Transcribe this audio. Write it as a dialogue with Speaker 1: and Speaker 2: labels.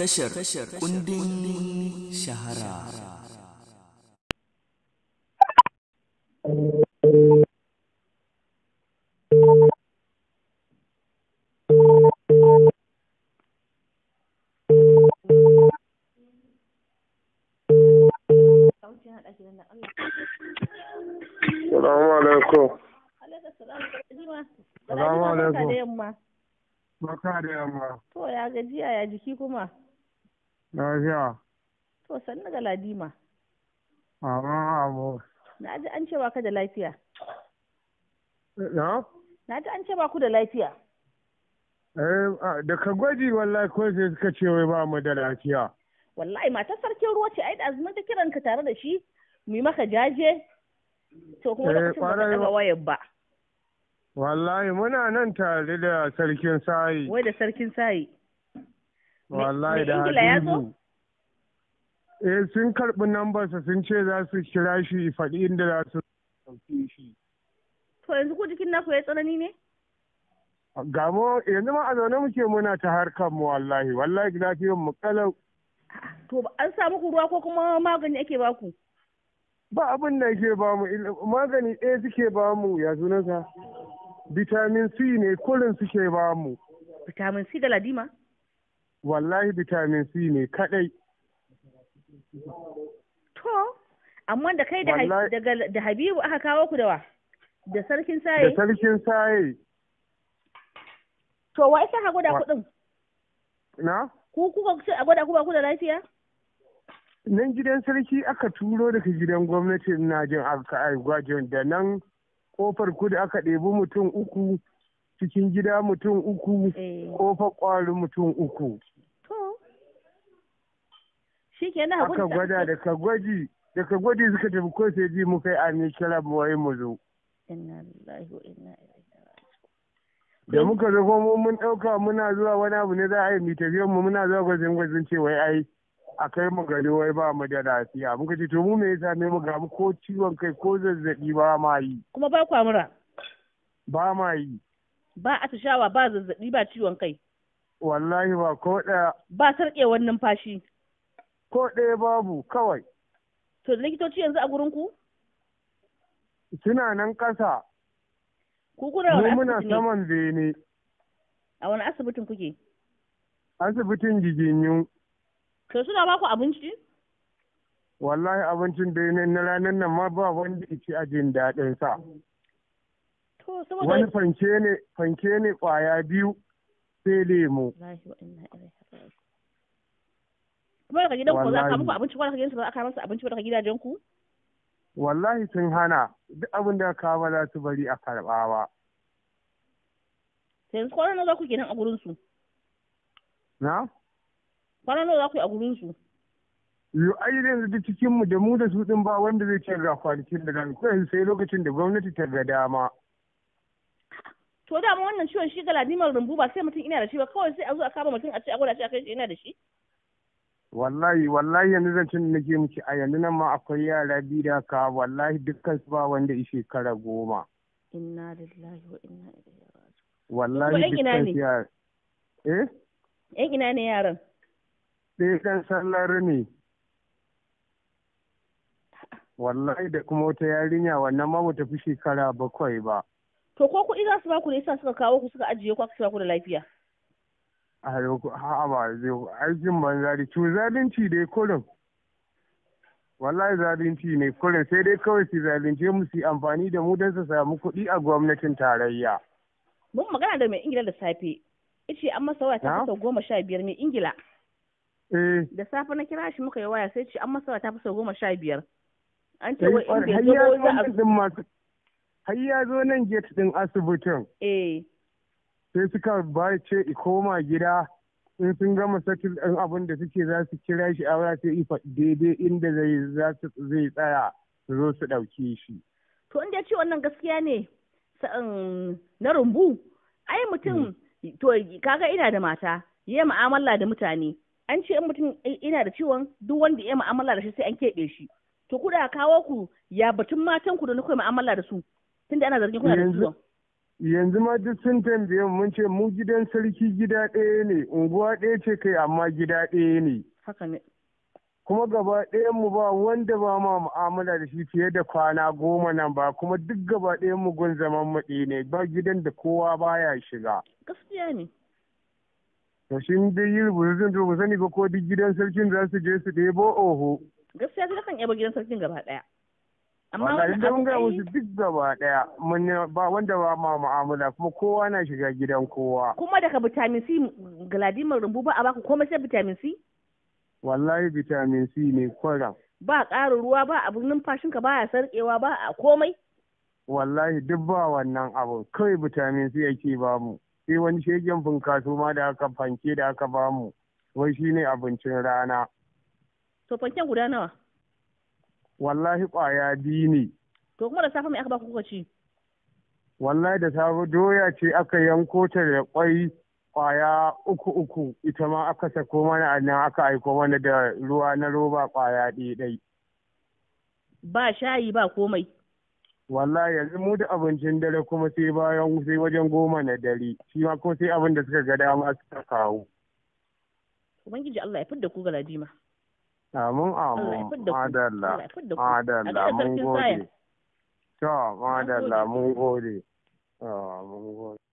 Speaker 1: tashar kundin shahara Salamu alaikum.
Speaker 2: Salamu alaikum. Barka da yamma.
Speaker 1: To ya gajiya ya jiki kuma. Lafiya. To sannu ga Ladima. Amma abu. Na ji an cewa ka da lafiya. Na? Na ji an cewa ku da lafiya.
Speaker 2: Eh, da ka gwaji wallahi ko sai suka ce wai ba mu da lafiya.
Speaker 1: Wallahi matar sarkin ruwa ce ai da azumin ta kiran ka tare da shi mu yi maka jaje. To kuma da eh, ba da daga wayar ba.
Speaker 2: Wallahi muna nan tare da sarkin sayi. Wai da sarkin sayi. wallahi da habibu eh sun karɓi nambarsa sun ce za su kira shi faɗi inda za su
Speaker 1: ɗauki shi to yanzu ko jikin naku ya tsanani ne
Speaker 2: gamo yanzu ma a zaune muke muna ta harkar mu wallahi wallahi lafiyar
Speaker 1: mu kalau to an samu muku ruwa ko kuma magani ake baku
Speaker 2: ba abin da yake ba mu magani ɗaya suke ba mu ya sunansa vitamin c ne kullum suke ba mu
Speaker 1: vitamin c da ladima
Speaker 2: wallahi vitamin c ne kadai
Speaker 1: to amma da kai da habibu aka kawo ku da wa da sarkin saye da sarkin saye to wa isa ka gwada kudin na ku kuka ce a gwada ku ba ku da lafiya
Speaker 2: nan gidan sarki aka turo daga gidan gwamnati na jin aka gwajin da nan kofar kudu aka ɗebi mutum uku cikin gida mutum uku eh. kofa ƙwari mutum uku
Speaker 1: aka gwada
Speaker 2: daga gwaji daga gwaji suka tafi ko sai ji muka yi ami kira wai mu zo da muka zo kuma mun ɗauka muna zuwa wani abu ne za a yi mu muna zuwa gwajin gwajin ce wai ai a kai mu gari wai ba mu da lafiya muka ce to mu me yasa ne mu ga mu ko ciwon kai ko zazzabi ba ma yi
Speaker 1: kuma ba ku mura
Speaker 2: ba ma yi
Speaker 1: ba atishawa ba zazzaɓi ba ciwon kai wallahi ba ko ɗaya ba sarƙewar numfashi ko ɗaya babu kawai to likitoci yanzu a gurinku? suna nan ƙasa ku kuna wani muna saman bene a wani asibitin kuke
Speaker 2: asibitin jiginyu
Speaker 1: to suna ba ku abinci
Speaker 2: wallahi abincin bene na ranar nan ma ba wanda ya ci ajin daɗinsa. sa
Speaker 1: wani fanke
Speaker 2: ne fanke ne kwaya biyu sai lemo
Speaker 1: kuma daga gidan ku za ka muku abinci kuma daga su ba aka masa abinci daga gidajen ku
Speaker 2: wallahi sun hana duk abin da ka ba za su bari a karɓa ba
Speaker 1: sai kwanan nawa za ku kenan a gurin su na kwanan nawa za ku yi a gurin su
Speaker 2: yo ai yanzu duk cikin mu da mu da su din ba wanda zai ce ga kwalikin da nan kawai sai lokacin da gwamnati ta ga dama
Speaker 1: to dama wannan ciwon shi galadimar rumbu ba sai mutum ina da shi ba kawai sai a zo a kama mutum a ce a gwada shi a kai shi ina da shi
Speaker 2: wallahi wallahi yanzu zan cin nake miki a yanzu nan ma akwai yara biyu da ka wallahi dukkan su ba wanda ya shekara goma
Speaker 1: inna lillahi wa inna ilaihi
Speaker 2: wallahi dukkan su yara eh
Speaker 1: yan ina ne yaran
Speaker 2: sai ɗan sallar ne wallahi da kuma wata yarinya wannan ma bata tafi shekara bakwai ba
Speaker 1: to ko kuɗi za su ba ku ne yasa suka kawo ku suka ajiye ku aka ba ku da lafiya
Speaker 2: a ha ba zai aikin banzari to zalunci dai kurin. wallahi zalunci ne kurin sai dai kawai su zalunce mu su amfani da mu don su samu kuɗi a gwamnatin tarayya
Speaker 1: mun magana da mai ingila da safe ice an masa waya ta fi goma sha biyar mai ingila eh. da safe na kira shi muka yi waya sai ce an masa waya ta fi goma sha biyar an ce wai in bai zo za
Speaker 2: a har ya zo nan gate din asibitin eh sai suka ba ce i koma gida in sun gama sakin ɗan abin da suke za su kira shi a wata sai ifa daidai inda zai zai tsaya su zo su ɗauke shi.
Speaker 1: To inda ya ce wannan gaskiya ne na rumbu ai mutum mm. to kaga ina da mata ya ma'amala da mutane an ce in mutum eh, ina da ciwon duk wanda ya ma'amala da shi sai an keɓe shi. To kuda kawo ku ya batun matan ku da na ma'amala da su tunda ana zargin kuna da zuwa
Speaker 2: yanzu ma duk sun tambaye mun ce mu gidan sarki gida ɗaya ne unguwa ɗaya ce kai amma gida ɗaya ne haka ne kuma gaba ɗayan mu ba wanda ba ma mu'amala da shi fiye da kwana goma nan ba kuma duk gaba ɗayan mu gun zaman maɗi ne ba gidan da kowa baya shiga
Speaker 1: gaskiya ne
Speaker 2: to shi dai yi rubutu zan to sani ba ko duk gidan sarkin za su je su ɗebo oho
Speaker 1: gaskiya ta kan yaba gidan sarkin gaba ɗaya
Speaker 2: Wallahi da ga wasu duk gaba daya mun ba wanda ba ma mu'amala kuma kowa na shiga gidan kowa.
Speaker 1: Kuma daga vitamin C galadimar rumbu ba a baka komai sai vitamin C?
Speaker 2: Wallahi vitamin C ne kwara.
Speaker 1: Ba ƙarin ruwa ba abun numfashinka ba ya sarƙewa ba a komai.
Speaker 2: Wallahi duk ba wannan abu kawai vitamin C yake ba mu. Sai wani shegen bunkasu ma da aka fanke da aka ba mu. Wai shine abincin rana.
Speaker 1: To fanken guda nawa?
Speaker 2: wallahi ƙwaya biyu ne
Speaker 1: to kuma da safe mai aka ba kuka ci
Speaker 2: wallahi da safe doya ce aka yanko ta da kwai kwaya uku uku ita ma aka sako mana a nan aka aiko mana da ruwa na roba kwaya ɗai
Speaker 1: ba shayi ba komai
Speaker 2: wallahi yanzu mu da abincin dare kuma sai bayan sai wajen goma na dare shi ma kuma sai abin da suka ga dama suka kawo
Speaker 1: ubangiji Allah ya fidda ku Ladima.
Speaker 2: Amin amu
Speaker 1: Madalla. Madalla mun gode.
Speaker 2: To, madalla mun gode. Mun gode. Ah,